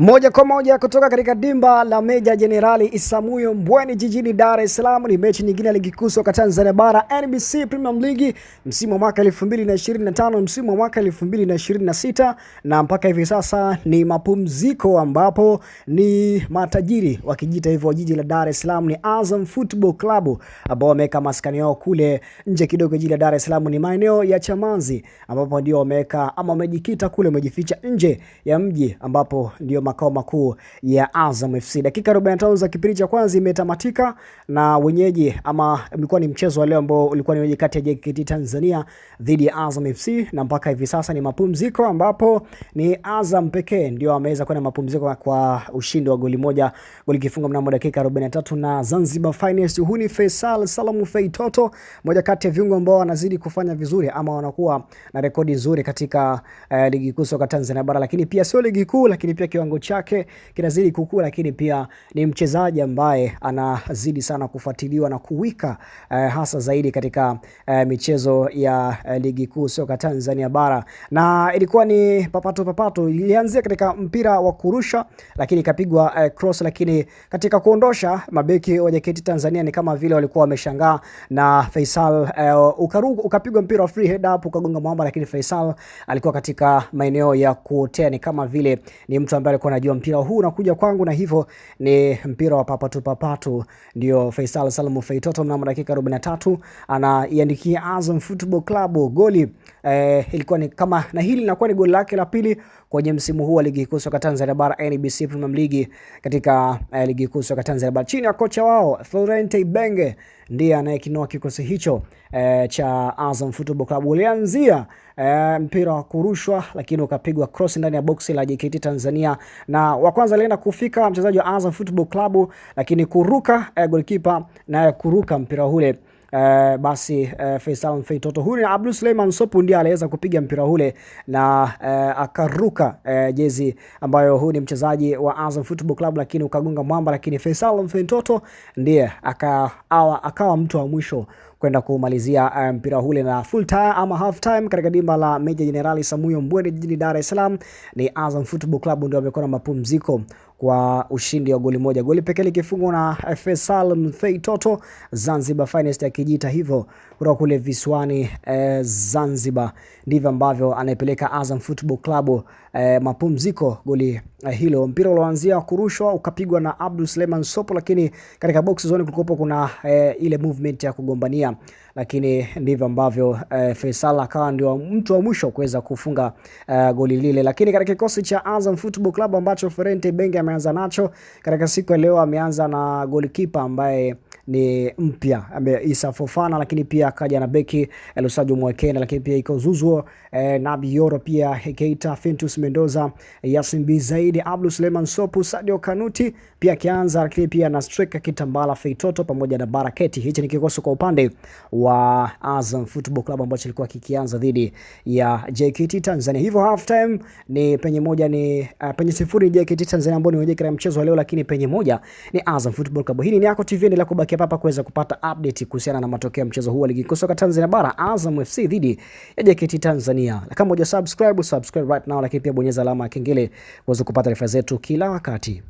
Moja kwa moja kutoka katika dimba la Meja Jenerali Isamuyo Mbweni jijini Dar es Salaam. Ni mechi nyingine ya ligi kuu soka Tanzania bara NBC Premium League msimu wa mwaka 2025 msimu wa mwaka 2026, na mpaka hivi sasa ni mapumziko, ambapo ni matajiri wakijita hivyo jiji la Dar es Salaam ni Azam Football Club ambao wameweka maskani yao kule nje kidogo jiji la Dar es Salaam, ni maeneo ya Chamazi, ambapo ndio wameweka ama wamejikita kule, wamejificha nje ya mji ambapo ndio makao makuu ya Azam FC. Dakika 45 za kipindi cha kwanza imetamatika na wenyeji ama ilikuwa ni mchezo wa leo ambao ulikuwa ni kati ya JKT Tanzania dhidi ya Azam FC, na mpaka hivi sasa ni mapumziko ambapo ni Azam pekee ndio ameweza kwenda mapumziko kwa ushindi wa goli moja, goli kifunga mnamo dakika 43 na Zanzibar Finest. Huyu ni Faisal Salamu Feitoto, moja kati ya viungo ambao wanazidi kufanya vizuri ama wanakuwa na rekodi nzuri katika eh, ligi kuu soka Tanzania bara, lakini pia sio ligi kuu, lakini pia kiwango chake kinazidi kukua, lakini pia ni mchezaji ambaye anazidi sana kufuatiliwa na kuwika eh, hasa zaidi katika eh, michezo ya eh, ligi kuu soka Tanzania bara, na ilikuwa ni papato papato, ilianzia katika mpira wa kurusha, lakini ikapigwa eh, cross, lakini katika kuondosha mabeki wa JKT Tanzania ni kama vile walikuwa wameshangaa na Faisal eh, ukaruka, ukapigwa mpira wa free head up ukagonga mwamba, lakini Faisal alikuwa katika maeneo ya kuotea, ni kama vile ni mtu ambaye alikuwa nilikuwa najua mpira huu unakuja kwangu, na hivyo ni mpira wa papatu papatu, ndio Faisal Salum Feitoto mnamo dakika 43 anaiandikia Azam Football Club goli eh, ilikuwa ni kama na hili linakuwa ni goli lake la pili kwenye msimu huu wa ligi kuu soka Tanzania bara NBC Premier League katika eh, ligi kuu soka Tanzania bara chini ya kocha wao Florente Ibenge ndiye anayekinoa kikosi hicho eh, cha Azam Football Club. Ulianzia eh, mpira wa kurushwa lakini ukapigwa cross ndani ya boxi la JKT Tanzania, na wa kwanza alienda kufika mchezaji wa Azam Football Club, lakini kuruka eh, golikipa naye kuruka mpira ule Eh, basi eh, Faisal Mfeitoto huyu ni Abdul Suleiman Sopu ndiye aliweza kupiga mpira ule na eh, akaruka eh, jezi ambayo huyu ni mchezaji wa Azam Football Club, lakini ukagonga mwamba, lakini Faisal Mfeitoto ndiye akawa, akawa mtu wa mwisho kwenda kumalizia eh, mpira um, ule na full time ama half time katika dimba la Meja Jenerali samuyo Mbwene jijini Dar es Salaam. Ni Azam Football Club ndio amekuwa na mapumziko kwa ushindi wa goli moja. Goli pekee likifungwa na Faisal Mthei Toto, Zanzibar Finest akijiita hivyo kutoka kule visiwani eh, Zanzibar. Ndivyo ambavyo anaipeleka Azam Football Club eh, mapumziko goli eh, hilo. Mpira ulioanzia kurushwa ukapigwa na Abdul Suleiman Sopo, lakini katika box zone kulikuwa kuna eh, ile movement ya kugombania, lakini ndivyo ambavyo eh, Faisal akawa ndio mtu wa mwisho kuweza kufunga eh, goli lile, lakini katika kikosi cha Azam Football Club ambacho Ferente Benge ameanza nacho katika siku ya leo. Ameanza na goalkeeper ambaye ni mpya Isa Fofana, lakini pia akaja na beki Lusaju Mwakena, lakini pia iko Zuzuo eh, Nabi Yoro, pia Hekeita, Fintus Mendoza, Yasin B Zaidi, Abdul Suleman Sopu, Sadio Kanuti pia akianza, lakini pia na striker Kitambala Feitoto pamoja na Baraketi. Hichi ni kikosi kwa upande wa Azam Football Club ambacho kilikuwa kikianza dhidi ya JKT Tanzania. Hivyo half time ni penye moja ni uh, penye sifuri JKT Tanzania ambao ni wenyeji katika mchezo wa leo, lakini penye moja ni Azam Football Club. Hii ni Niyako TV, endelea kubaki hapa kuweza kupata update kuhusiana na matokeo ya mchezo huu wa ligi kusoka Tanzania bara, Azam FC dhidi ya JKT Tanzania. Na kama subscribe, subscribe right now, lakini pia bonyeza alama ya kengele uweze kupata taarifa zetu kila wakati.